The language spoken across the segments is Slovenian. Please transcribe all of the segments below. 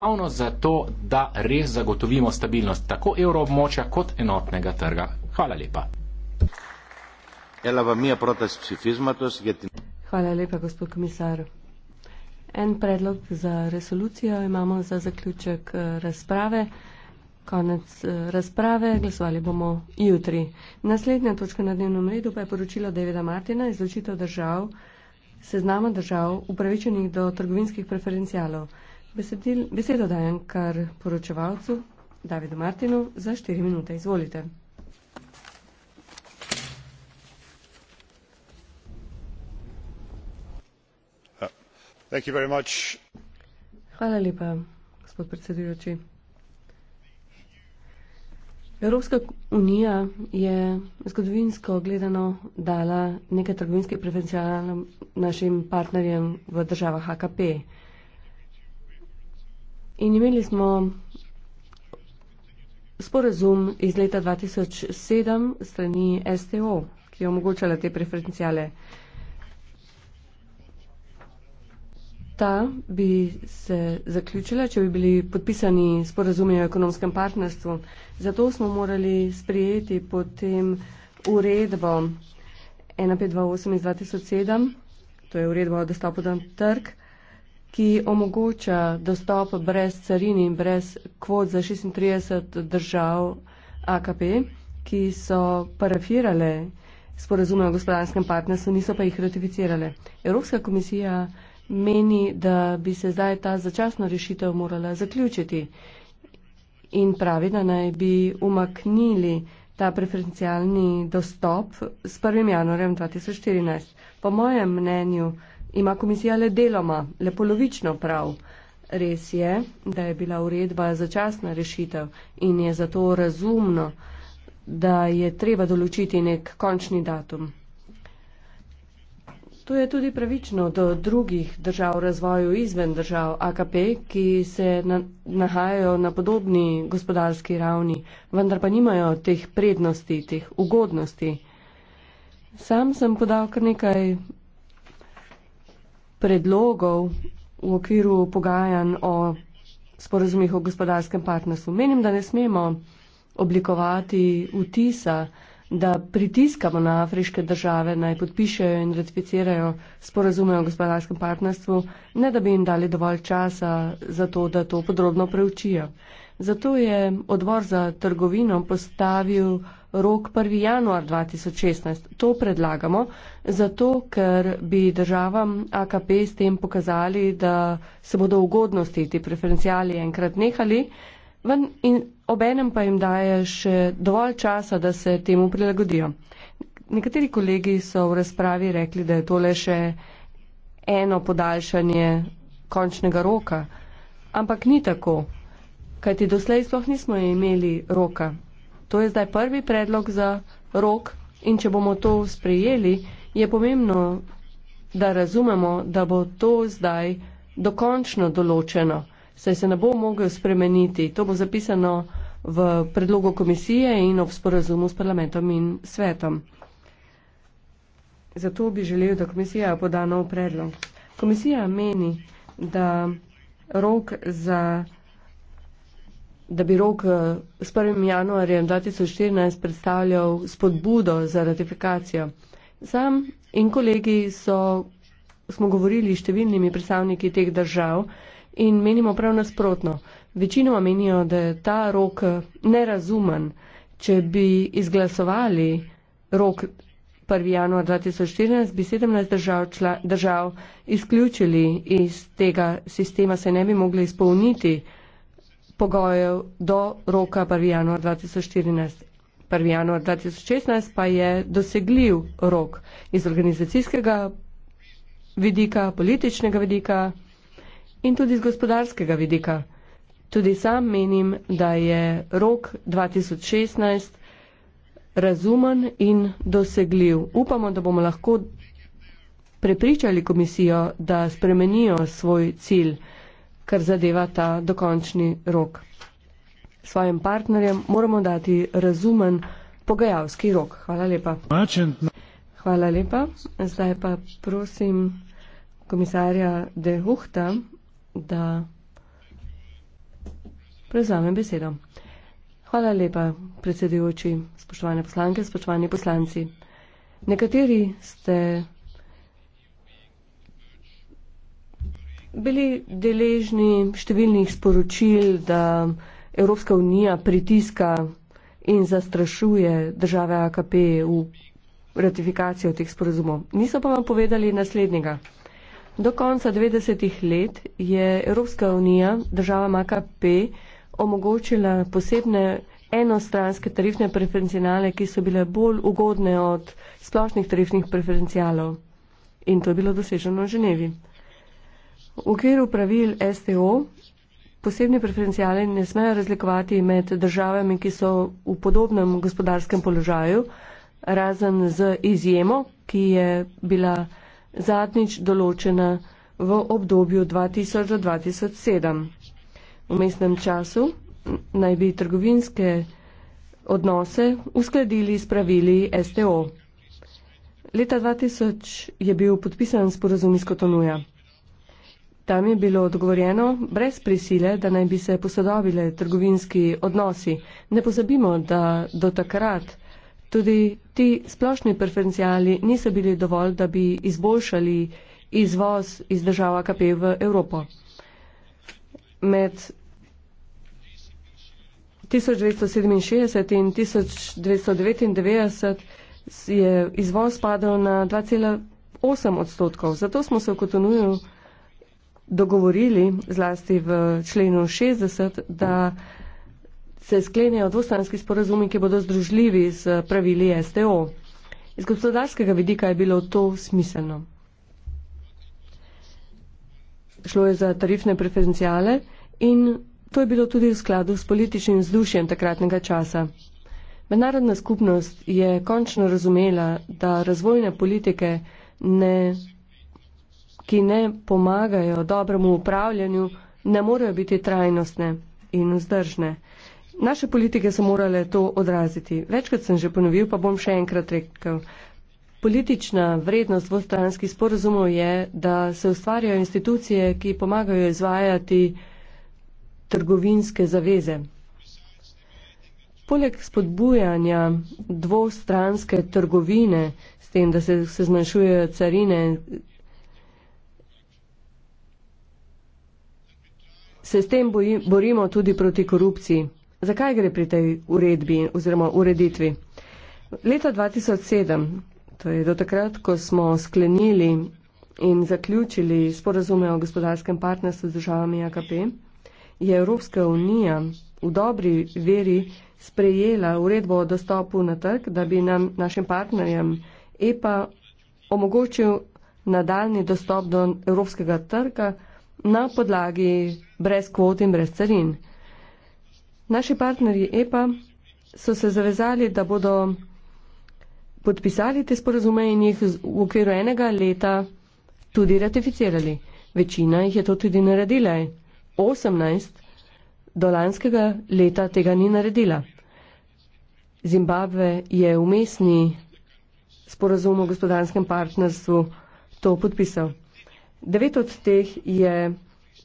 ravno zato, da res zagotovimo stabilnost tako evroobmočja kot enotnega trga. Hvala lepa. Hvala lepa, gospod komisar. En predlog za resolucijo imamo za zaključek eh, razprave. Konec eh, razprave, glasovali bomo jutri. Naslednja točka na dnevnem redu pa je poročilo Davida Martina izločitev držav, seznama držav upravičenih do trgovinskih preferencialov. Besedil, besedo dajem kar poročevalcu Davidu Martinu za 4 minute. Izvolite. Thank you very much. Hvala lepa, gospod predsedujoči. Evropska unija je zgodovinsko gledano dala nekaj trgovinskih prevencijal našim partnerjem v državah AKP in imeli smo sporazum iz leta 2007 strani STO, ki je omogočala te preferencijale. Ta bi se zaključila, če bi bili podpisani sporazumi o ekonomskem partnerstvu. Zato smo morali sprijeti potem uredbo 1528 iz 2007, to je uredba o dostopu na trg, ki omogoča dostop brez carini in brez kvot za 36 držav AKP, ki so parafirale sporazume o gospodarskem partnerstvu, niso pa jih ratificirale. Evropska komisija meni, da bi se zdaj ta začasna rešitev morala zaključiti in pravi, da naj bi umaknili ta preferencialni dostop s 1. januarjem 2014. Po mojem mnenju, ima komisija le deloma, le polovično prav. Res je, da je bila uredba začasna rešitev in je zato razumno, da je treba določiti nek končni datum. To je tudi pravično do drugih držav v razvoju izven držav AKP, ki se nahajajo na podobni gospodarski ravni, vendar pa nimajo teh prednosti, teh ugodnosti. Sam sem podal kar nekaj predlogov v okviru pogajanj o sporozumih o gospodarskem partnerstvu. Menim, da ne smemo oblikovati vtisa, da pritiskamo na afriške države naj podpišejo in ratificirajo sporozume o gospodarskem partnerstvu, ne da bi jim dali dovolj časa za to, da to podrobno preučijo. Zato je odbor za trgovino postavil rok 1. januar 2016. To predlagamo, zato ker bi državam AKP s tem pokazali, da se bodo ugodnosti ti preferencijali enkrat nehali in obenem pa jim daje še dovolj časa, da se temu prilagodijo. Nekateri kolegi so v razpravi rekli, da je to le še eno podaljšanje končnega roka, ampak ni tako kajti doslej sploh nismo imeli roka. To je zdaj prvi predlog za rok in če bomo to sprejeli, je pomembno, da razumemo, da bo to zdaj dokončno določeno, saj se ne bo mogel spremeniti. To bo zapisano v predlogu komisije in ob sporazumu s parlamentom in svetom. Zato bi želel, da komisija poda nov predlog. Komisija meni, da rok za da bi rok eh, s 1. januarjem 2014 predstavljal spodbudo za ratifikacijo. Sam in kolegi so, smo govorili številnimi predstavniki teh držav in menimo prav nasprotno. Večinoma menijo, da je ta rok eh, nerazumen. Če bi izglasovali rok 1. januar 2014, bi 17 držav, držav izključili iz tega sistema, se ne bi mogli izpolniti pogojev do roka 1. januar 2014. 1. januar 2016 pa je dosegljiv rok iz organizacijskega vidika, političnega vidika in tudi iz gospodarskega vidika. Tudi sam menim, da je rok 2016 razumen in dosegljiv. Upamo, da bomo lahko prepričali komisijo, da spremenijo svoj cilj kar zadeva ta dokončni rok. Svojem partnerjem moramo dati razumen pogajalski rok. Hvala lepa. Hvala lepa. Zdaj pa prosim komisarja De Huhta, da prevzame besedo. Hvala lepa, predsedujoči, spoštovane poslanke, spoštovani poslanci. Nekateri ste bili deležni številnih sporočil, da Evropska unija pritiska in zastrašuje države AKP v ratifikacijo teh sporozumov. Niso pa vam povedali naslednjega. Do konca 90-ih let je Evropska unija državam AKP omogočila posebne enostranske tarifne preferencijale, ki so bile bolj ugodne od splošnih tarifnih preferencijalov. In to je bilo doseženo v Ženevi. V okviru pravil STO posebni preferencijali ne smejo razlikovati med državami, ki so v podobnem gospodarskem položaju, razen z izjemo, ki je bila zadnjič določena v obdobju 2000-2007. V mestnem času naj bi trgovinske odnose uskladili s pravili STO. Leta 2000 je bil podpisan sporozum iz Kotonuja. Tam je bilo odgovorjeno brez prisile, da naj bi se posodobile trgovinski odnosi. Ne pozabimo, da do takrat tudi ti splošni preferencijali niso bili dovolj, da bi izboljšali izvoz iz država KP v Evropo. Med 1967 in 1999 je izvoz padel na 2,8 odstotkov. Zato smo se v Kotonuju dogovorili, zlasti v členu 60, da se sklenijo dvostranski sporazumi, ki bodo združljivi z pravili STO. Iz gospodarskega vidika je bilo to smiselno. Šlo je za tarifne preferencijale in to je bilo tudi v skladu s političnim vzdušjem takratnega časa. Mednarodna skupnost je končno razumela, da razvojne politike ne ki ne pomagajo dobremu upravljanju, ne morejo biti trajnostne in vzdržne. Naše politike so morale to odraziti. Večkrat sem že ponovil, pa bom še enkrat rekel. Politična vrednost dvostranskih sporozumov je, da se ustvarjajo institucije, ki pomagajo izvajati trgovinske zaveze. Poleg spodbujanja dvostranske trgovine, s tem, da se, se zmanjšujejo carine, se s tem borimo tudi proti korupciji. Zakaj gre pri tej uredbi oziroma ureditvi? Leta 2007, to je do takrat, ko smo sklenili in zaključili sporazume o gospodarskem partnerstvu z državami AKP, je Evropska unija v dobri veri sprejela uredbo o dostopu na trg, da bi nam, našim partnerjem EPA omogočil nadaljni dostop do evropskega trga na podlagi brez kvot in brez carin. Naši partnerji EPA so se zavezali, da bodo podpisali te sporozume in jih v okviru enega leta tudi ratificirali. Večina jih je to tudi naredila. 18 do lanskega leta tega ni naredila. Zimbabve je v mestni sporozum o gospodarskem partnerstvu to podpisal. Devet od teh je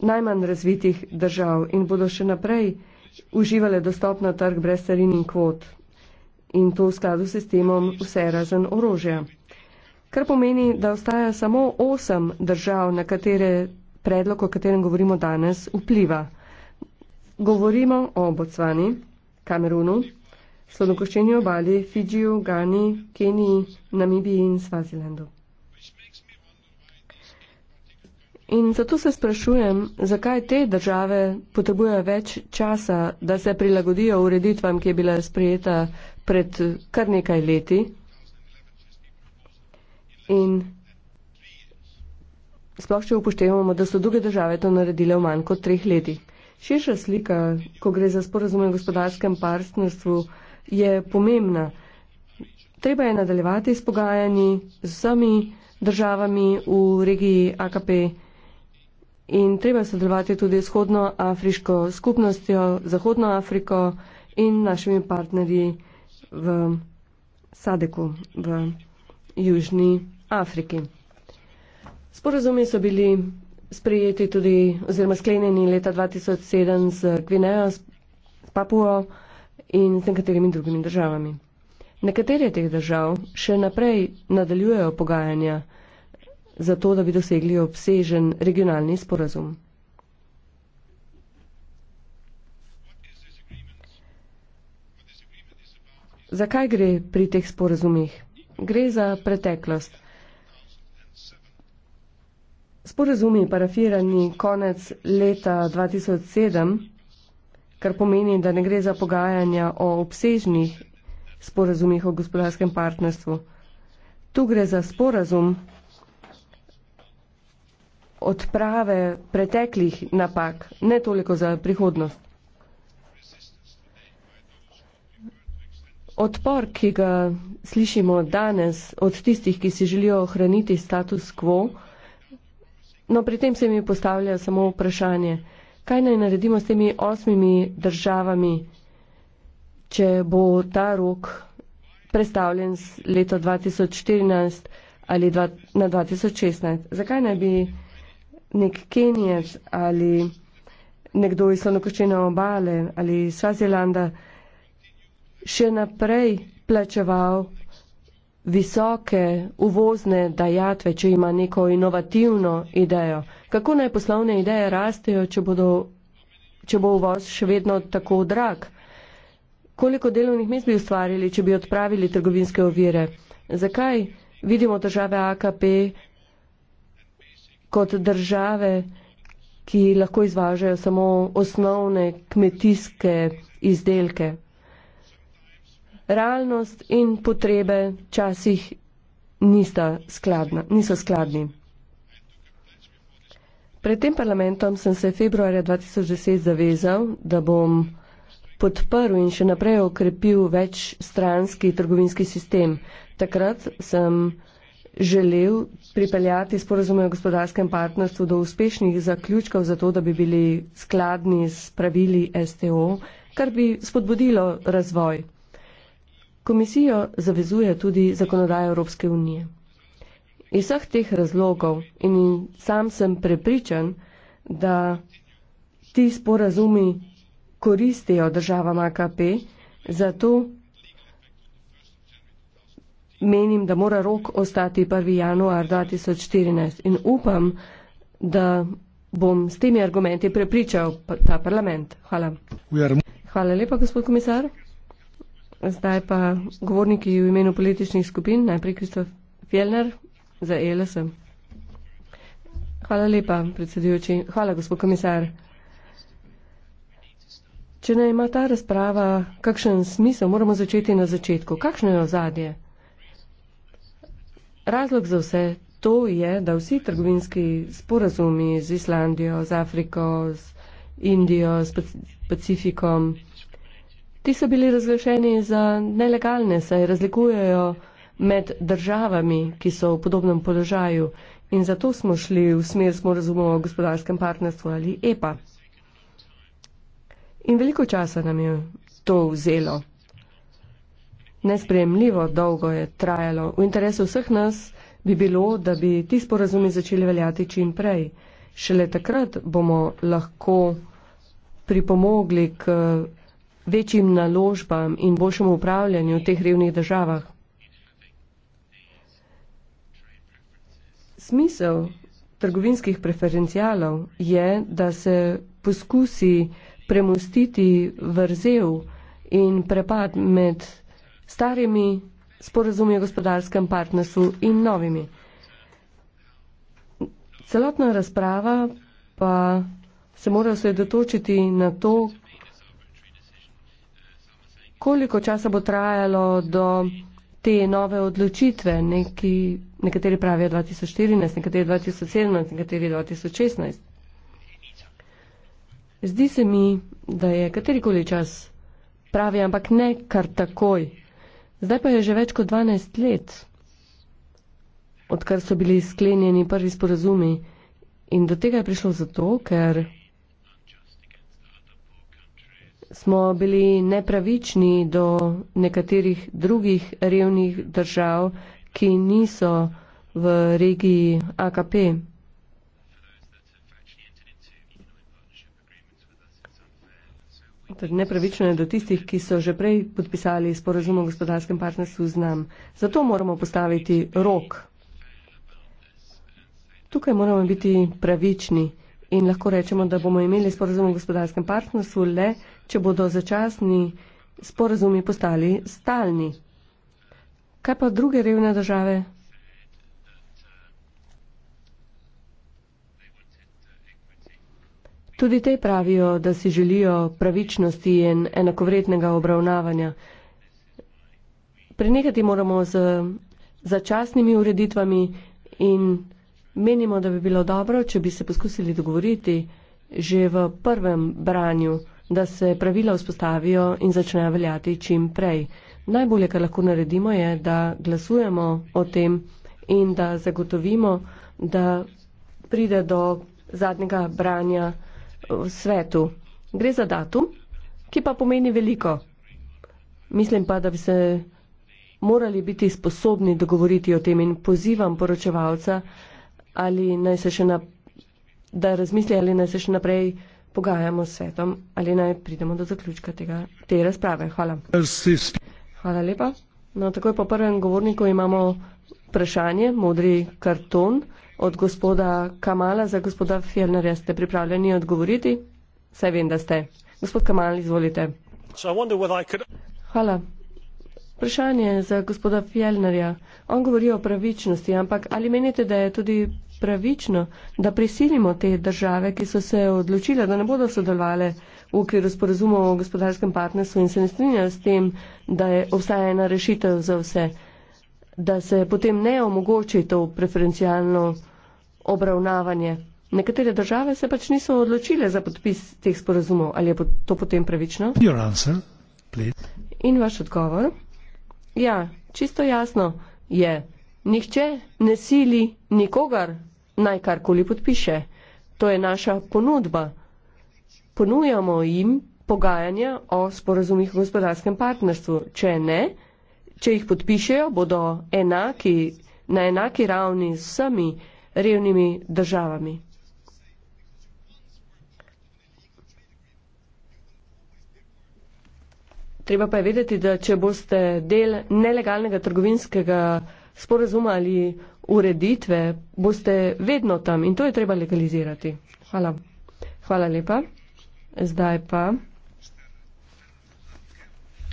najmanj razvitih držav in bodo še naprej uživale dostop na trg brez carin in kvot. In to v skladu s sistemom vse razen orožja. Kar pomeni, da ostaja samo osem držav, na katere predlog, o katerem govorimo danes, vpliva. Govorimo o Bocvani, Kamerunu, Slonokoščeni obali, Fidžiju, Gani, Keniji, Namibiji in Svazilendu. In zato se sprašujem, zakaj te države potrebujejo več časa, da se prilagodijo ureditvam, ki je bila sprejeta pred kar nekaj leti. In sploh če upoštevamo, da so druge države to naredile v manj kot treh leti. Širša slika, ko gre za sporozume o gospodarskem partnerstvu, je pomembna. Treba je nadaljevati s pogajanji z vsemi državami v regiji AKP in treba sodelovati tudi s vzhodnoafriško skupnostjo, Zahodno Afriko in našimi partnerji v Sadeku v Južni Afriki. Sporazumi so bili sprejeti tudi oziroma sklenjeni leta 2007 z Gvinejo, s Papuo in z nekaterimi drugimi državami. Nekatere teh držav še naprej nadaljujejo pogajanja zato da bi dosegli obsežen regionalni sporazum. Zakaj gre pri teh sporazumih? Gre za preteklost. Sporazumi parafirani konec leta 2007, kar pomeni, da ne gre za pogajanja o obsežnih sporazumih o gospodarskem partnerstvu. Tu gre za sporazum, odprave preteklih napak, ne toliko za prihodnost. Odpor, ki ga slišimo danes od tistih, ki si želijo ohraniti status quo, no pri tem se mi postavlja samo vprašanje, kaj naj naredimo s temi osmimi državami, če bo ta rok predstavljen leto 2014 ali dva, na 2016. Zakaj naj bi nek Kenijec ali nekdo iz Slonokoščene obale ali iz Svazilanda še naprej plačeval visoke uvozne dajatve, če ima neko inovativno idejo. Kako naj poslovne ideje rastejo, če, bodo, če bo uvoz še vedno tako drag? Koliko delovnih mest bi ustvarili, če bi odpravili trgovinske ovire? Zakaj vidimo države AKP kot države, ki lahko izvažajo samo osnovne kmetijske izdelke. Realnost in potrebe časih nista skladna, niso skladni. Pred tem parlamentom sem se februarja 2010 zavezal, da bom podprl in še naprej okrepil več stranski trgovinski sistem. Takrat sem želel pripeljati sporozume o gospodarskem partnerstvu do uspešnih zaključkov, zato da bi bili skladni s pravili STO, kar bi spodbudilo razvoj. Komisijo zavezuje tudi zakonodaja Evropske unije. Iz vseh teh razlogov in sam sem prepričan, da ti sporazumi koristijo državam AKP, zato menim, da mora rok ostati 1. januar 2014 in upam, da bom s temi argumenti prepričal ta parlament. Hvala. Hvala lepa, gospod komisar. Zdaj pa govorniki v imenu političnih skupin, najprej Kristof Fjellner za ELS. Hvala lepa, predsedujoči. Hvala, gospod komisar. Če ne ima ta razprava kakšen smisel, moramo začeti na začetku. Kakšno je ozadje? Razlog za vse to je, da vsi trgovinski sporazumi z Islandijo, z Afriko, z Indijo, z Pacifikom, ti so bili razglašeni za nelegalne, saj razlikujejo med državami, ki so v podobnem položaju in zato smo šli v smer, smo razumeli, o gospodarskem partnerstvu ali EPA. In veliko časa nam je to vzelo. Nespremljivo dolgo je trajalo. V interesu vseh nas bi bilo, da bi ti sporazumi začeli veljati čim prej. Šele takrat bomo lahko pripomogli k večjim naložbam in boljšemu upravljanju v teh revnih državah. Smisel trgovinskih preferencialov je, da se poskusi premustiti vrzel in prepad med starimi sporazumi o gospodarskem partnerstvu in novimi. Celotna razprava pa se mora osredotočiti na to, koliko časa bo trajalo do te nove odločitve, neki, nekateri pravijo 2014, nekateri 2017, nekateri 2016. Zdi se mi, da je katerikoli čas pravi, ampak ne kar takoj Zdaj pa je že več kot 12 let, odkar so bili sklenjeni prvi sporazumi in do tega je prišlo zato, ker smo bili nepravični do nekaterih drugih revnih držav, ki niso v regiji AKP. Torej, nepravično je do tistih, ki so že prej podpisali sporozum o gospodarskem partnerstvu z nam. Zato moramo postaviti rok. Tukaj moramo biti pravični in lahko rečemo, da bomo imeli sporozum o gospodarskem partnerstvu le, če bodo začasni sporozumi postali stalni. Kaj pa druge revne države? Tudi te pravijo, da si želijo pravičnosti in enakovrednega obravnavanja. Prenehati moramo z začasnimi ureditvami in menimo, da bi bilo dobro, če bi se poskusili dogovoriti že v prvem branju, da se pravila vzpostavijo in začnejo veljati čim prej. Najbolje, kar lahko naredimo, je, da glasujemo o tem in da zagotovimo, da pride do zadnjega branja v svetu. Gre za datum, ki pa pomeni veliko. Mislim pa, da bi se morali biti sposobni dogovoriti o tem in pozivam poročevalca, ali naj se še naprej da razmisli, ali naj se še naprej pogajamo s svetom, ali naj pridemo do zaključka tega, te razprave. Hvala. Hvala lepa. No, takoj po prvem govorniku imamo vprašanje, modri karton od gospoda Kamala za gospoda Fjellnerja. Ste pripravljeni odgovoriti? Saj vem, da ste. Gospod Kamal, izvolite. Hvala. Vprašanje za gospoda Fjellnerja. On govori o pravičnosti, ampak ali menite, da je tudi pravično, da prisilimo te države, ki so se odločile, da ne bodo sodelovali v okviru sporozuma o gospodarskem partnerstvu in se ne strinjajo s tem, da je obstaja ena rešitev za vse, da se potem ne omogoči to preferencialno obravnavanje. Nekatere države se pač niso odločile za podpis teh sporozumov. Ali je to potem pravično? Answer, In vaš odgovor? Ja, čisto jasno je. Nihče ne sili nikogar naj karkoli podpiše. To je naša ponudba. Ponujamo jim pogajanja o sporazumih v gospodarskem partnerstvu. Če ne, če jih podpišejo, bodo enaki, na enaki ravni s vsemi revnimi državami. Treba pa je vedeti, da če boste del nelegalnega trgovinskega sporazuma ali ureditve, boste vedno tam in to je treba legalizirati. Hvala. Hvala lepa. Zdaj pa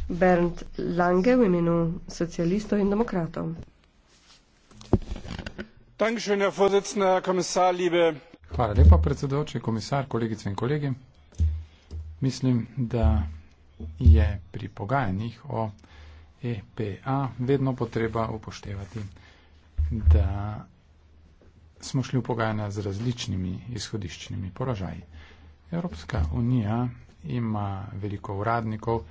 Bernd Lange v imenu socialistov in demokratov. Hvala lepa, predsedovče, komisar, kolegice in kolegi. Mislim, da je pri pogajanjih o EPA vedno potreba upoštevati, da smo šli v pogajanja z različnimi izhodiščnimi poražaji. Evropska unija ima veliko uradnikov,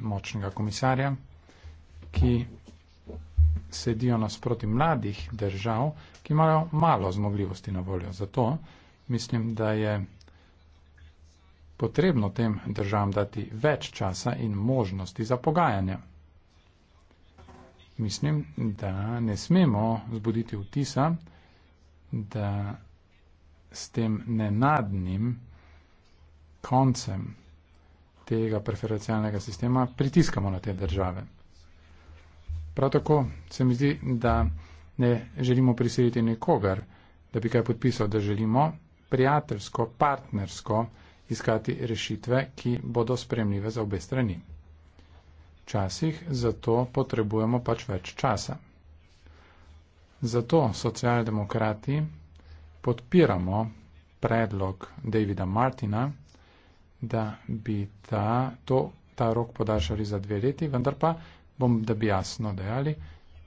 močnega komisarja, ki sedijo nasproti mladih držav, ki imajo malo zmogljivosti na voljo. Zato mislim, da je potrebno tem državam dati več časa in možnosti za pogajanja. Mislim, da ne smemo zbuditi vtisa, da s tem nenadnim koncem tega preferencialnega sistema pritiskamo na te države. Prav tako se mi zdi, da ne želimo prisiliti nikogar, da bi kaj podpisal, da želimo prijateljsko, partnersko iskati rešitve, ki bodo spremljive za obe strani. Včasih zato potrebujemo pač več časa. Zato socialdemokrati podpiramo predlog Davida Martina, da bi ta, to, ta rok podaljšali za dve leti, vendar pa bom, da bi jasno dejali,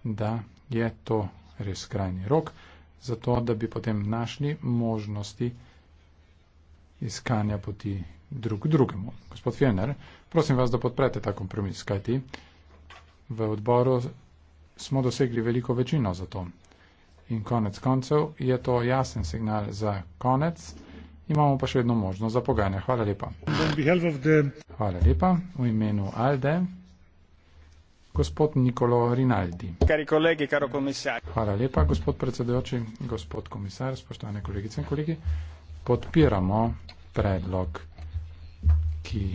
da je to res krajni rok, zato da bi potem našli možnosti iskanja poti drug drugemu. Gospod Fjener, prosim vas, da podprete ta kompromis, kajti v odboru smo dosegli veliko večino za to. In konec koncev je to jasen signal za konec. Imamo pa še vedno možnost za pogajanje. Hvala lepa. Hvala lepa v imenu Alde gospod Nikolo Rinaldi. Kari kolegi, karo komisar. Hvala lepa, gospod predsedujoči, gospod komisar, spoštovane kolegice in kolegi. Podpiramo predlog, ki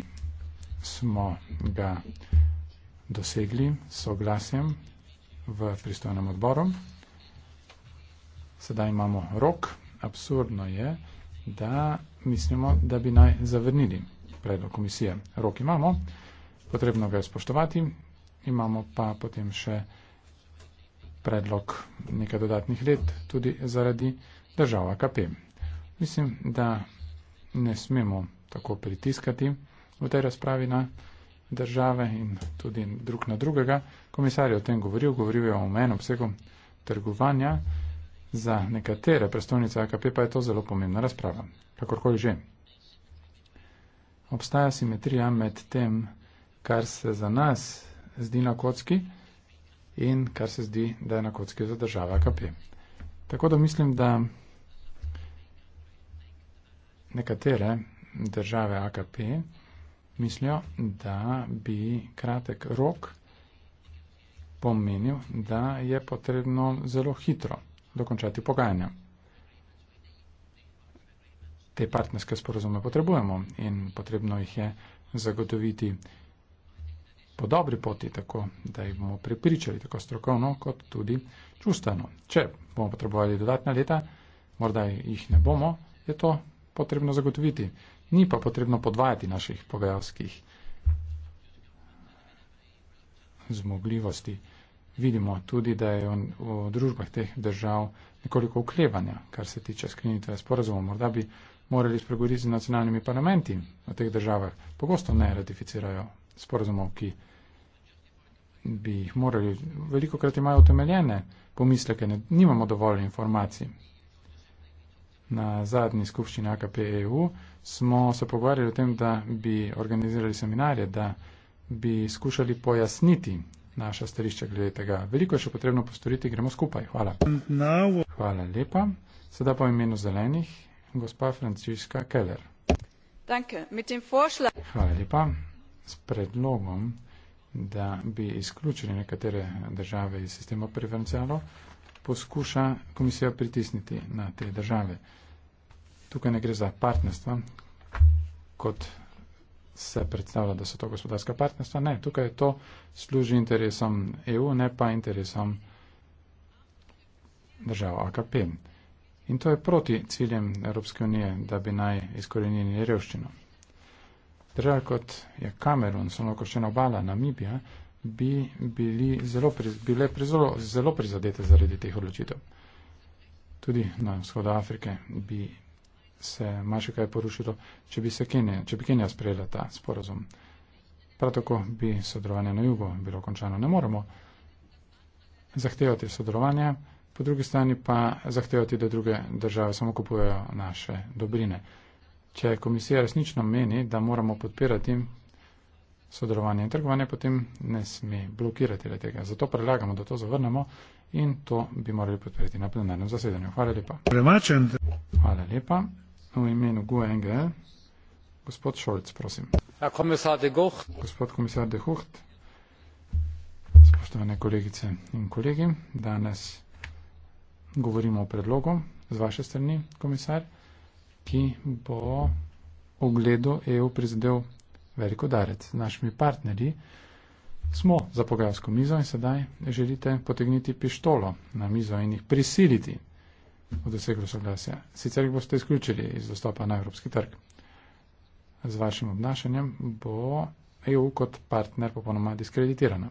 smo ga dosegli soglasjem v pristojnem odboru. Sedaj imamo rok. Absurdno je, da mislimo, da bi naj zavrnili predlog komisije. Rok imamo, potrebno ga je spoštovati, imamo pa potem še predlog nekaj dodatnih let tudi zaradi držav AKP. Mislim, da ne smemo tako pritiskati v tej razpravi na države in tudi drug na drugega. Komisar je o tem govoril, govoril je o omenu obsegu trgovanja. Za nekatere predstavnice AKP pa je to zelo pomembna razprava, kakorkoli že. Obstaja simetrija med tem, kar se za nas zdi na kocki in kar se zdi, da je na kocki za državo AKP. Tako da mislim, da nekatere države AKP mislijo, da bi kratek rok pomenil, da je potrebno zelo hitro dokončati pogajanja. Te partnerske sporozume potrebujemo in potrebno jih je zagotoviti po dobri poti, tako da jih bomo prepričali tako strokovno, kot tudi čustveno. Če bomo potrebovali dodatna leta, morda jih ne bomo, je to potrebno zagotoviti. Ni pa potrebno podvajati naših pogajalskih zmogljivosti. Vidimo tudi, da je v družbah teh držav nekoliko uklevanja, kar se tiče sklenitve sporazumov. Morda bi morali spregovoriti z nacionalnimi parlamenti v teh državah. Pogosto ne ratificirajo sporazumov, ki bi jih morali, veliko krat imajo utemeljene pomisleke, ne, nimamo dovolj informacij. Na zadnji skupščini AKP-EU smo se pogovarjali o tem, da bi organizirali seminarje, da bi skušali pojasniti naša stališča glede tega. Veliko je še potrebno postoriti, gremo skupaj. Hvala. Hvala lepa. Sedaj pa v imenu zelenih, gospa Franciska Keller. Hvala lepa. S predlogom da bi izključili nekatere države iz sistema preferencialov, poskuša komisija pritisniti na te države. Tukaj ne gre za partnerstva, kot se predstavlja, da so to gospodarska partnerstva. Ne, tukaj to služi interesom EU, ne pa interesom držav AKP. In to je proti ciljem Evropske unije, da bi naj izkorenili revščino držav kot je Kamerun, so lahko še obala Namibija, bi bili zelo priz, bile prizolo, zelo prizadete zaradi teh odločitev. Tudi na vzhodu Afrike bi se marsikaj porušilo, če bi, se Kenija, če bi Kenija sprejela ta sporozum. Prav tako bi sodelovanje na jugu bilo končano. Ne moremo zahtevati sodelovanja, po drugi strani pa zahtevati, da druge države samo kupujejo naše dobrine če komisija resnično meni, da moramo podpirati sodelovanje in trgovanje, potem ne sme blokirati le tega. Zato predlagamo, da to zavrnemo in to bi morali podpreti na plenarnem zasedanju. Hvala lepa. Hvala lepa. V imenu GUNG, e gospod Šolc, prosim. Ja, gospod komisar De Hucht, spoštovane kolegice in kolegi, danes govorimo o predlogu z vaše strani, komisar ki bo ogledu EU prizadel veliko darec. Našimi partnerji smo za pogajalsko mizo in sedaj želite potegniti pištolo na mizo in jih prisiliti v doseglo soglasja. Sicer jih boste izključili iz dostopa na evropski trg. Z vašim obnašanjem bo EU kot partner popolnoma diskreditirana.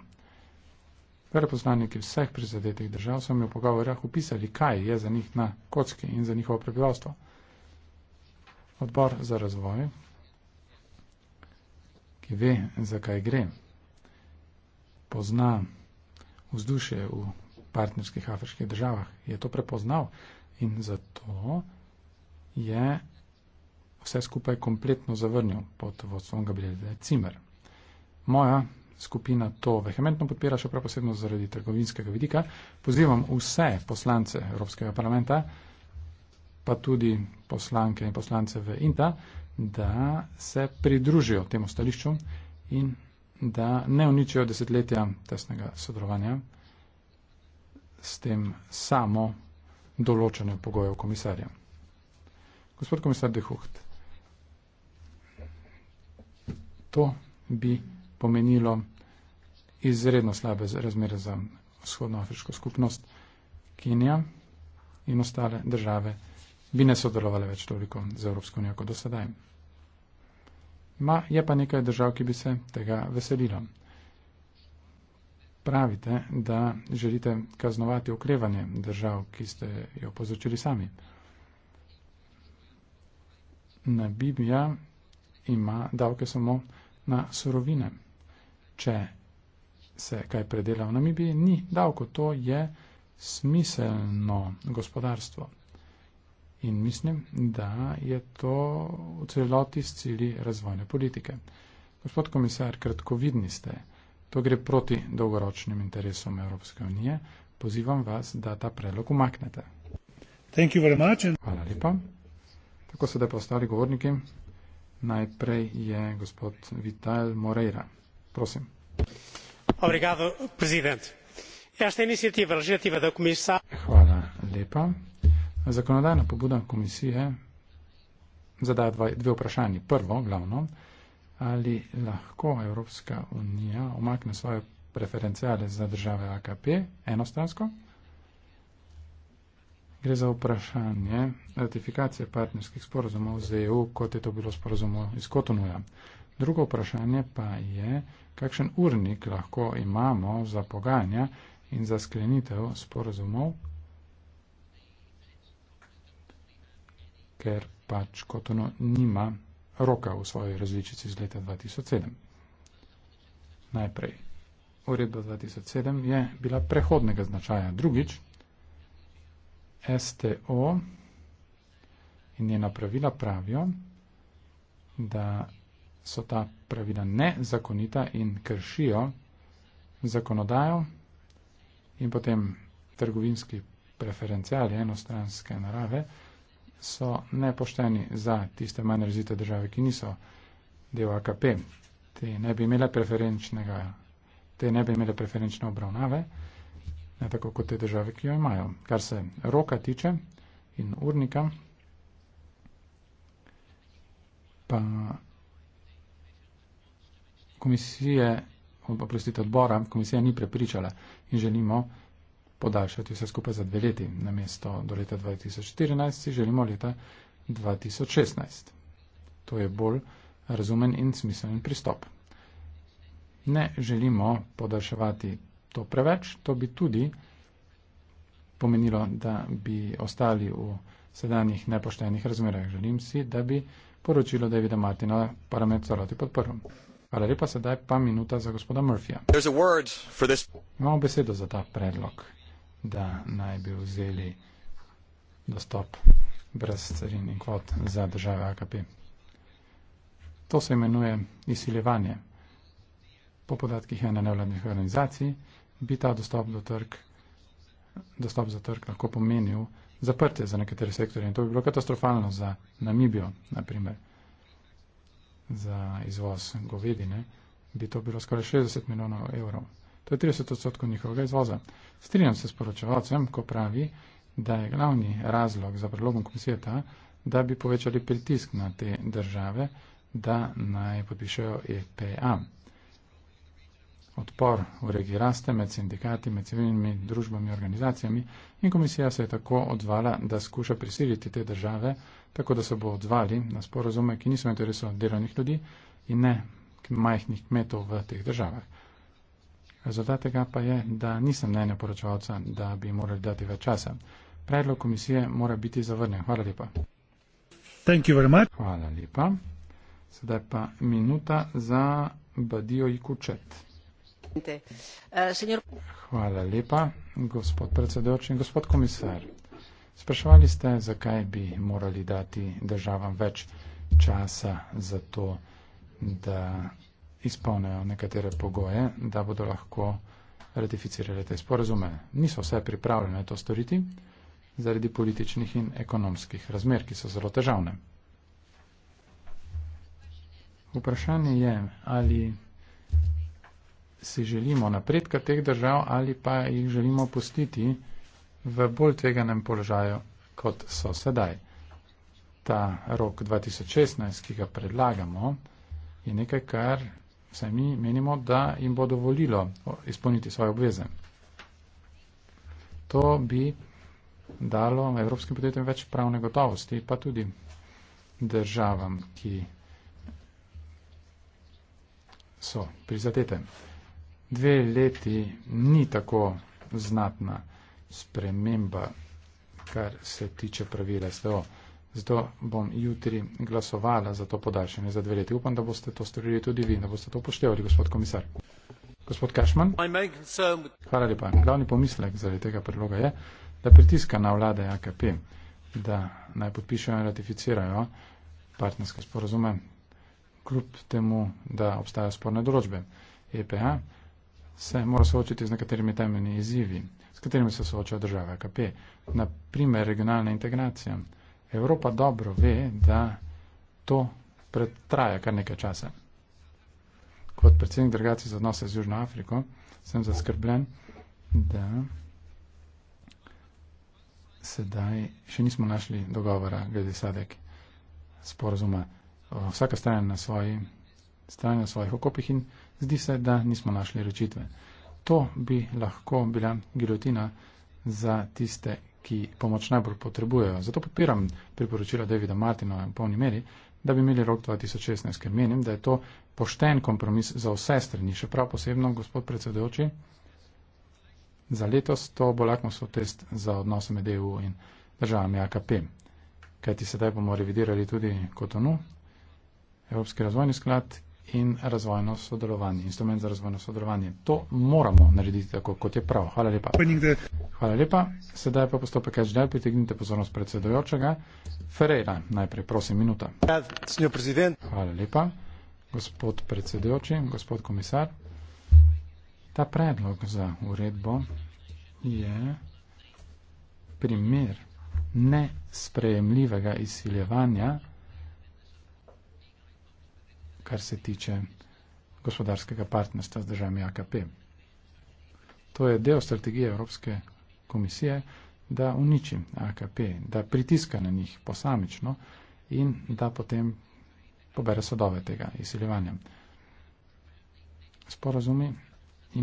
Veleposlaniki vseh prizadetih držav so mi v pogovorjah upisali, kaj je za njih na kocki in za njihovo prebivalstvo odbor za razvoj, ki ve, zakaj gre, pozna vzdušje v partnerskih afriških državah, je to prepoznal in zato je vse skupaj kompletno zavrnil pod vodstvom Gabriela Cimer. Moja skupina to vehementno podpira, še prav posebno zaradi trgovinskega vidika. Pozivam vse poslance Evropskega parlamenta, pa tudi poslanke in poslance v INTA, da se pridružijo temu stališču in da ne uničijo desetletja tesnega sodelovanja s tem samo določenjem pogojev komisarja. Gospod komisar Dehucht, to bi pomenilo izredno slabe razmere za vzhodnoafriško skupnost Kenija in ostale države bi ne sodelovali več toliko z Evropsko unijo kot dosedaj. Ma je pa nekaj držav, ki bi se tega veselilo. Pravite, da želite kaznovati okrevanje držav, ki ste jo pozročili sami. Nabibija ima davke samo na surovine. Če se kaj predela v Namibiji, ni davko. To je smiselno gospodarstvo. In mislim, da je to v celoti s cili razvojne politike. Gospod komisar, kratkovidni ste. To gre proti dolgoročnim interesom Evropske unije. Pozivam vas, da ta predlog umaknete. Hvala lepa. Tako sedaj pa ostali govorniki. Najprej je gospod Vital Moreira. Prosim. Obrigado, Hvala lepa. Zakonodajna pobuda komisije zadaja dve vprašanje. Prvo, glavno, ali lahko Evropska unija omakne svoje preferencijale za države AKP enostransko? Gre za vprašanje ratifikacije partnerskih sporozumov z EU, kot je to bilo sporozumo iz Kotonuja. Drugo vprašanje pa je, kakšen urnik lahko imamo za pogajanja in za sklenitev sporozumov ker pač kot ono nima roka v svoji različici iz leta 2007. Najprej. Uredba 2007 je bila prehodnega značaja. Drugič, STO in njena pravila pravijo, da so ta pravila nezakonita in kršijo zakonodajo in potem trgovinski preferencijali enostranske narave, so nepošteni za tiste manj razvite države, ki niso del AKP. Te ne bi imele preferenčnega, te ne bi imele preferenčne obravnave, ne tako kot te države, ki jo imajo. Kar se roka tiče in urnika, pa komisije, oprostite, odbora, komisija ni prepričala in želimo, podaljšati vse skupaj za dve leti. Na mesto do leta 2014 si želimo leta 2016. To je bolj razumen in smiselen pristop. Ne želimo podaljševati to preveč, to bi tudi pomenilo, da bi ostali v sedanjih nepoštenih razmerah. Želim si, da bi poročilo Davida Martina parametr celoti podprl. Hvala lepa, sedaj pa minuta za gospoda Murphyja. Imamo besedo za ta predlog da naj bi vzeli dostop brez carin in kvot za države AKP. To se imenuje izsiljevanje. Po podatkih ene nevladnih organizacij bi ta dostop, do trg, dostop za trg lahko pomenil zaprtje za nekatere sektorje in to bi bilo katastrofalno za Namibijo, naprimer za izvoz govedine, bi to bilo skoraj 60 milijonov evrov to je 30 odstotkov njihovega izvoza. Strinjam se s poročevalcem, ko pravi, da je glavni razlog za predlogom komisije ta, da bi povečali pritisk na te države, da naj podpišajo EPA. Odpor v regiji raste med sindikati, med civilnimi družbami, organizacijami in komisija se je tako odvala, da skuša prisiliti te države, tako da se bo odvali na sporozume, ki niso v interesu delovnih ljudi in ne majhnih kmetov v teh državah. Rezultat tega pa je, da nisem mnenja poročevalca, da bi morali dati več časa. Predlog komisije mora biti zavrnjen. Hvala lepa. Hvala lepa. Sedaj pa minuta za Badijo Ikučet. Hvala lepa, gospod predsedoči in gospod komisar. Sprašovali ste, zakaj bi morali dati državam več časa za to, da izpolnejo nekatere pogoje, da bodo lahko ratificirali te sporozume. Niso vse pripravljene to storiti zaradi političnih in ekonomskih razmer, ki so zelo težavne. Vprašanje je, ali si želimo napredka teh držav ali pa jih želimo pustiti v bolj tveganem položaju, kot so sedaj. Ta rok 2016, ki ga predlagamo, je nekaj, kar saj mi menimo, da jim bo dovolilo izpolniti svoje obveze. To bi dalo evropskim podjetjem več pravne gotovosti, pa tudi državam, ki so prizadete. Dve leti ni tako znatna sprememba, kar se tiče pravila SVO. Zato bom jutri glasovala za to podaljšanje za dve leti. Upam, da boste to storili tudi vi, da boste to upoštevali, gospod komisar. Gospod Kašman, hvala lepa. Glavni pomislek zaradi tega predloga je, da pritiska na vlade AKP, da naj podpišajo in ratificirajo partnerske sporozume, kljub temu, da obstajajo sporne določbe. EPA se mora soočiti z nekaterimi temeljnimi izzivi, s katerimi se soočajo države AKP, naprimer regionalna integracija Evropa dobro ve, da to traja kar nekaj časa. Kot predsednik delegacij za odnose z Južno Afriko sem zaskrbljen, da sedaj še nismo našli dogovora glede sadek sporozuma. Vsaka stran je na svoji strani, na svojih okopih in zdi se, da nismo našli rečitve. To bi lahko bila gilotina za tiste, ki pomoč najbolj potrebujejo. Zato podpiram priporočila Davida Martina v polni meri, da bi imeli rok 2016, ker menim, da je to pošten kompromis za vse strani, še prav posebno, gospod predsedujoči, za letos to bo lakmusov test za odnose med EU in državami AKP. Kajti sedaj bomo revidirali tudi Kotonu, Evropski razvojni sklad in razvojno sodelovanje, instrument za razvojno sodelovanje. To moramo narediti tako, kot je prav. Hvala lepa. Hvala lepa. Sedaj pa postopek več del, pritegnite pozornost predsedojočega. Ferreira, najprej prosim minuta. Hvala lepa, gospod predsedojoči, gospod komisar. Ta predlog za uredbo je primer nesprejemljivega izsiljevanja, kar se tiče gospodarskega partnerstva z državami AKP. To je del strategije Evropske komisije, da uniči AKP, da pritiska na njih posamično in da potem pobere sodove tega izsiljevanja. Sporazumi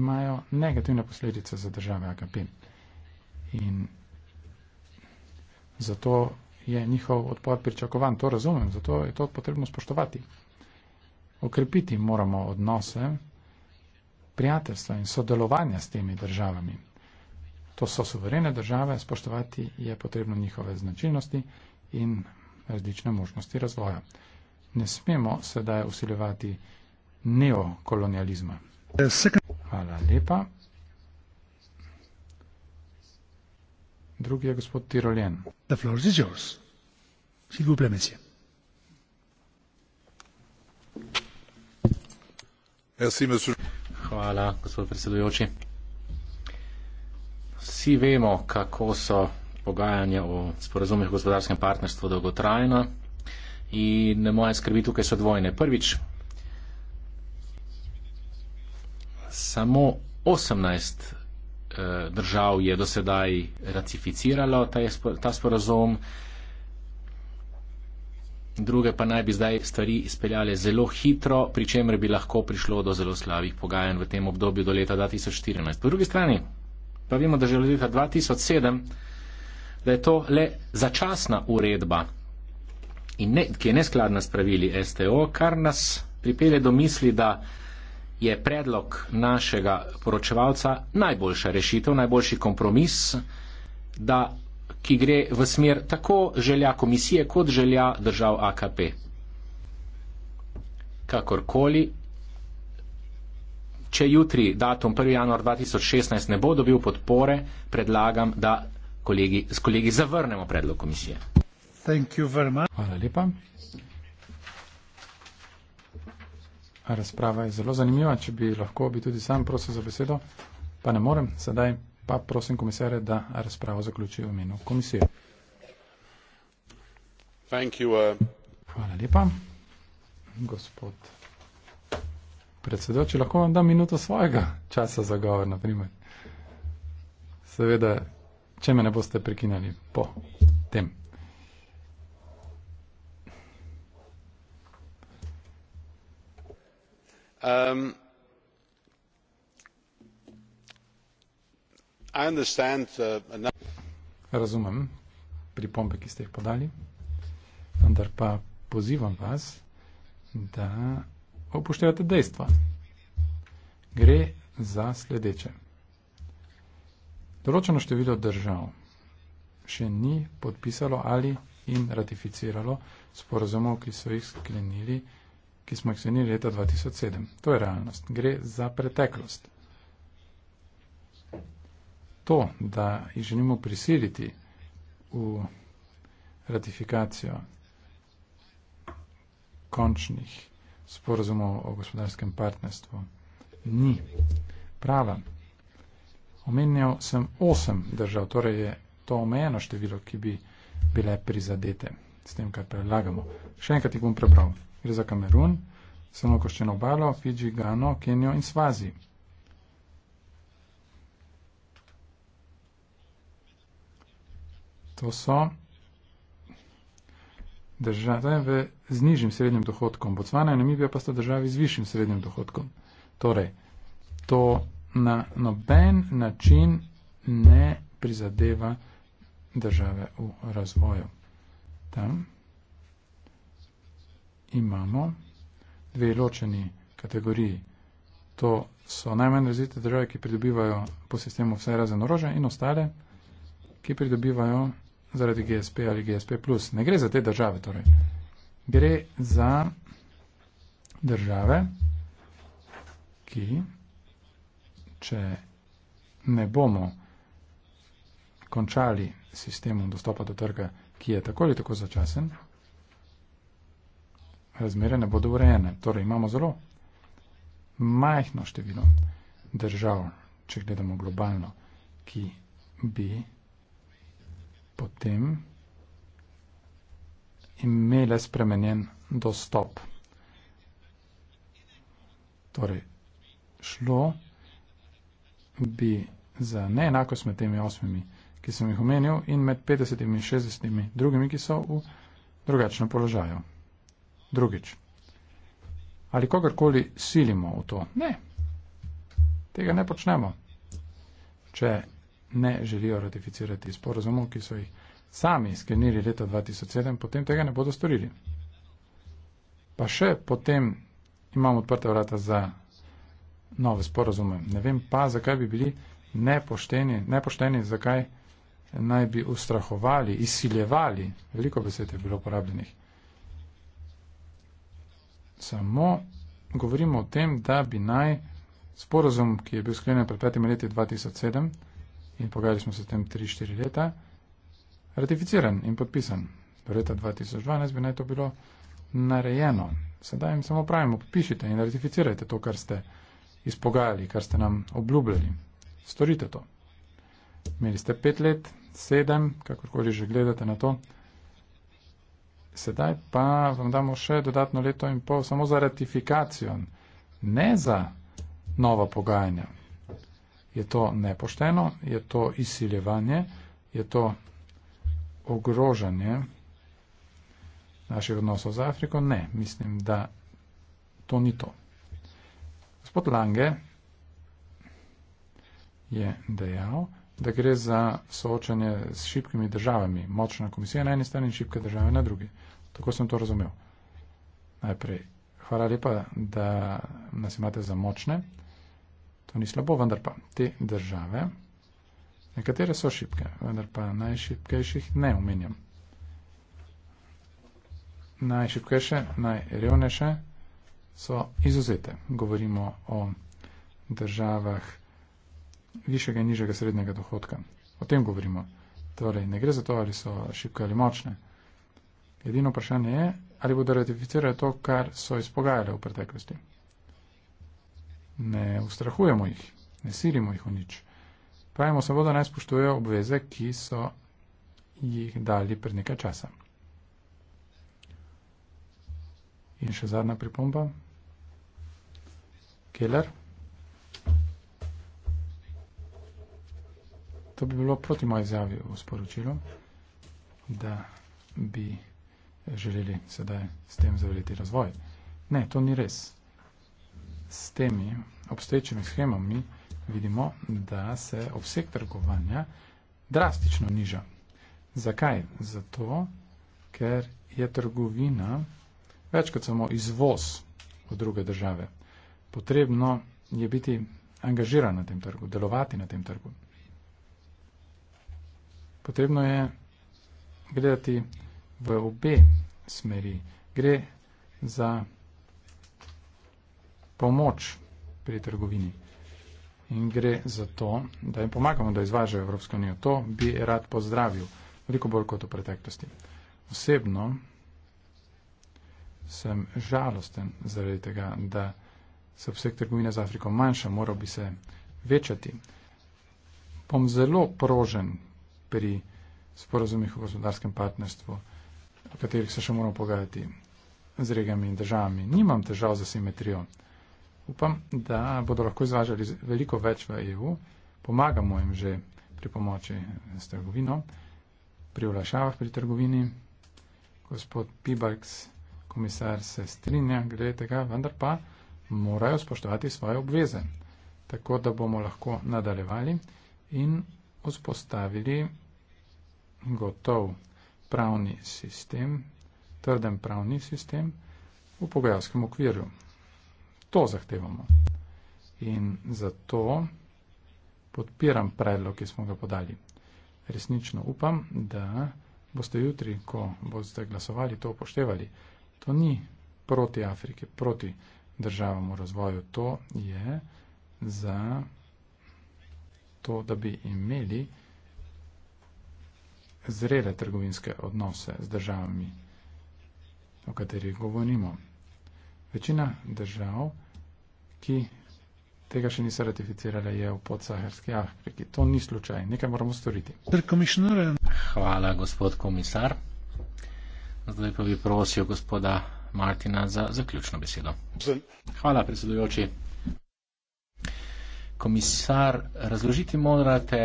imajo negativne posledice za države AKP in zato je njihov odpor pričakovan. To razumem, zato je to potrebno spoštovati. Okrepiti moramo odnose, prijateljstva in sodelovanja s temi državami to so suverene države, spoštovati je potrebno njihove značilnosti in različne možnosti razvoja. Ne smemo sedaj usiljevati neokolonializma. Hvala lepa. Drugi je gospod Tirolien. The floor is yours. S'il vous plaît, monsieur. Merci, monsieur. Hvala, gospod predsedujoči. Vsi vemo, kako so pogajanja o sporazumih o gospodarskem partnerstvu dolgotrajna in moje skrbi tukaj so dvojne. Prvič, samo 18 eh, držav je dosedaj ratificiralo ta sporazum, druge pa naj bi zdaj stvari izpeljale zelo hitro, pri čemer bi lahko prišlo do zelo slabih pogajanj v tem obdobju do leta 2014. Po drugi strani, Pa vemo, da že od leta 2007, da je to le začasna uredba, ne, ki je neskladna s pravili STO, kar nas pripelje do misli, da je predlog našega poročevalca najboljša rešitev, najboljši kompromis, da, ki gre v smer tako želja komisije, kot želja držav AKP. Kakorkoli, če jutri datum 1. januar 2016 ne bo dobil podpore, predlagam, da kolegi, s kolegi zavrnemo predlog komisije. Hvala lepa. Razprava je zelo zanimiva, če bi lahko bi tudi sam prosil za besedo, pa ne morem. Sedaj pa prosim komisare, da razpravo zaključi v imenu komisije. Uh, Hvala lepa. Gospod predsedujoči, lahko vam da minuto svojega časa za govor, naprimer. Seveda, če me ne boste prekinjali po tem. Um, understand, uh, Razumem pripombe, ki ste jih podali, vendar pa pozivam vas, da upoštevate dejstva. Gre za sledeče. Določeno število držav še ni podpisalo ali in ratificiralo sporozumov, ki so jih sklenili, ki smo jih sklenili leta 2007. To je realnost. Gre za preteklost. To, da jih želimo prisiliti v ratifikacijo končnih sporozumov o gospodarskem partnerstvu. Ni prava. Omenjal sem osem držav, torej je to omejeno število, ki bi bile prizadete s tem, kar predlagamo. Še enkrat jih bom prebral. Gre za Kamerun, samo koščeno obalo, Fiji, Gano, Kenijo in Svazi. To so države z nižjim srednjim dohodkom. Botsvana in Namibija pa sta državi z višjim srednjim dohodkom. Torej, to na noben način ne prizadeva države v razvoju. Tam imamo dve ločeni kategoriji. To so najmanj razvite države, ki pridobivajo po sistemu vse razen orožja in ostale, ki pridobivajo zaradi GSP ali GSP. Ne gre za te države, torej. gre za države, ki, če ne bomo končali sistemu dostopa do trga, ki je tako ali tako začasen, razmere ne bodo urejene. Torej imamo zelo majhno število držav, če gledamo globalno, ki bi potem imele spremenjen dostop. Torej, šlo bi za neenakost med temi osmimi, ki sem jih omenil, in med 50 in 60 drugimi, ki so v drugačnem položaju. Drugič. Ali kogarkoli silimo v to? Ne. Tega ne počnemo. Če ne želijo ratificirati sporozumov, ki so jih sami sklenili leta 2007, potem tega ne bodo storili. Pa še potem imamo odprta vrata za nove sporozume. Ne vem pa, zakaj bi bili nepošteni, nepošteni zakaj naj bi ustrahovali, izsiljevali, veliko besed je bilo uporabljenih. Samo govorimo o tem, da bi naj sporozum, ki je bil sklenjen pred petimi leti 2007, in pogajali smo se tem 3-4 leta, ratificiran in podpisan. Do leta 2012 bi naj to bilo narejeno. Sedaj jim samo pravimo, podpišite in ratificirajte to, kar ste izpogajali, kar ste nam obljubljali. Storite to. Imeli ste pet let, sedem, kakorkoli že gledate na to. Sedaj pa vam damo še dodatno leto in pol samo za ratifikacijo, ne za nova pogajanja je to nepošteno, je to izsiljevanje, je to ogrožanje naših odnosov z Afriko. Ne, mislim, da to ni to. Gospod Lange je dejal, da gre za soočanje s šibkimi državami. Močna komisija na eni strani in šibke države na drugi. Tako sem to razumel. Najprej, hvala lepa, da nas imate za močne to ni slabo, vendar pa te države, nekatere so šipke, vendar pa najšipkejših ne omenjam. Najšipkejše, najrevnejše so izuzete. Govorimo o državah višjega in nižjega srednjega dohodka. O tem govorimo. Torej, ne gre za to, ali so šipke ali močne. Edino vprašanje je, ali bodo ratificirali to, kar so izpogajali v preteklosti ne ustrahujemo jih, ne silimo jih v nič. Pravimo samo, da naj spoštujejo obveze, ki so jih dali pred nekaj časa. In še zadnja pripomba. Keller. To bi bilo proti moji izjavi v sporočilu, da bi želeli sedaj s tem zavrjeti razvoj. Ne, to ni res s temi obstoječimi schemami vidimo, da se obseg trgovanja drastično niža. Zakaj? Zato, ker je trgovina več kot samo izvoz v druge države. Potrebno je biti angažiran na tem trgu, delovati na tem trgu. Potrebno je gledati v obe smeri. Gre za pomoč pri trgovini. In gre za to, da jim pomagamo, da izvažajo Evropsko unijo. To bi rad pozdravil, veliko bolj kot v preteklosti. Osebno sem žalosten zaradi tega, da se obseg trgovine z Afriko manjša, moral bi se večati. Bom zelo prožen pri sporozumih o gospodarskem partnerstvu, o katerih se še moramo pogajati z regijami in državami. Nimam težav z asimetrijo upam, da bodo lahko izvažali veliko več v EU. Pomagamo jim že pri pomoči s trgovino, pri olajšavah pri trgovini. Gospod Pibarks, komisar, se strinja glede tega, vendar pa morajo spoštovati svoje obveze, tako da bomo lahko nadaljevali in vzpostavili gotov pravni sistem, trden pravni sistem v pogajalskem okvirju. To zahtevamo. In zato podpiram predlog, ki smo ga podali. Resnično upam, da boste jutri, ko boste glasovali, to upoštevali. To ni proti Afriki, proti državam v razvoju. To je za to, da bi imeli zrele trgovinske odnose z državami, o katerih govorimo. Večina držav, ki tega še niso ratificirale, je v podsaharski Afriki. To ni slučaj, nekaj moramo storiti. Hvala, gospod komisar. Zdaj pa bi prosil gospoda Martina za zaključno besedo. Hvala, predsedujoči. Komisar, razložiti morate,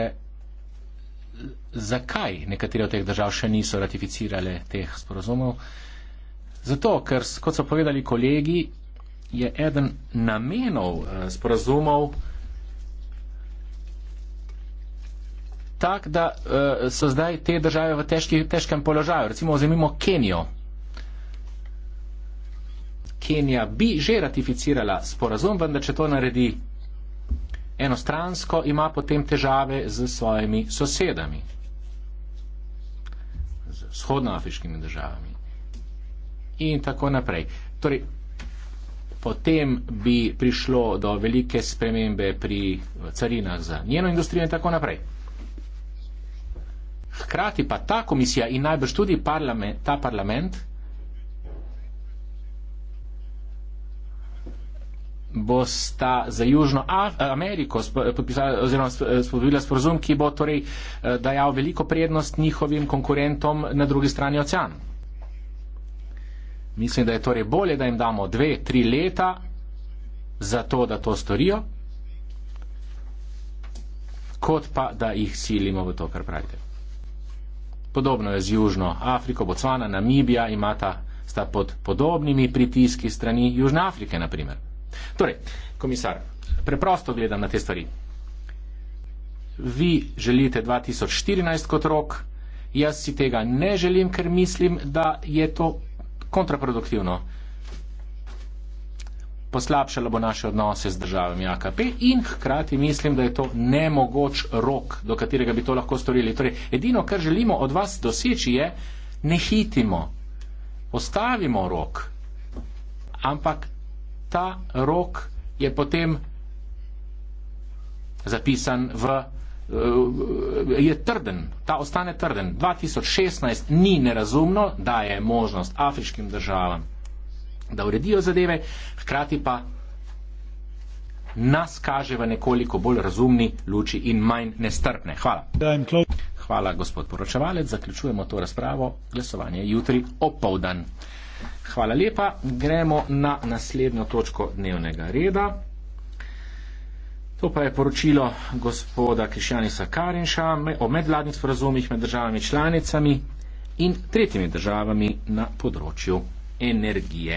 zakaj nekatere od teh držav še niso ratificirale teh sporozumov. Zato, ker, kot so povedali kolegi, je eden namenov eh, sporazumov tak, da eh, so zdaj te države v težki, težkem položaju. Recimo, vzemimo Kenijo. Kenija bi že ratificirala sporazum, vendar če to naredi enostransko, ima potem težave z svojimi sosedami, z vzhodnoafriškimi državami in tako naprej. Torej, potem bi prišlo do velike spremembe pri carinah za njeno industrijo in tako naprej. Hkrati pa ta komisija in najbrž tudi parlament, ta parlament bo sta za Južno Ameriko spodobila sporozum, ki bo torej eh, dajal veliko prednost njihovim konkurentom na drugi strani oceana. Mislim, da je torej bolje, da jim damo dve, tri leta za to, da to storijo, kot pa, da jih silimo v to, kar pravite. Podobno je z Južno Afriko, Botswana, Namibija imata sta pod podobnimi pritiski strani Južne Afrike, naprimer. Torej, komisar, preprosto gledam na te stvari. Vi želite 2014 kot rok, jaz si tega ne želim, ker mislim, da je to kontraproduktivno. Poslabšalo bo naše odnose z državami AKP in hkrati mislim, da je to nemogoč rok, do katerega bi to lahko storili. Torej, edino, kar želimo od vas doseči, je, ne hitimo, ostavimo rok, ampak ta rok je potem zapisan v Eh, je trden, ta ostane trden. 2016 ni nerazumno, da je možnost afriškim državam, da uredijo zadeve, hkrati pa nas kaže v nekoliko bolj razumni luči in manj nestrpne. Hvala. Hvala, gospod poročevalec. Zaključujemo to razpravo. Glasovanje jutri opoldan. Hvala lepa. Gremo na naslednjo točko dnevnega reda. To pa je poročilo gospoda Krišjanisa Karinša o medvladnih sporazumih med državami članicami in tretjimi državami na področju energije.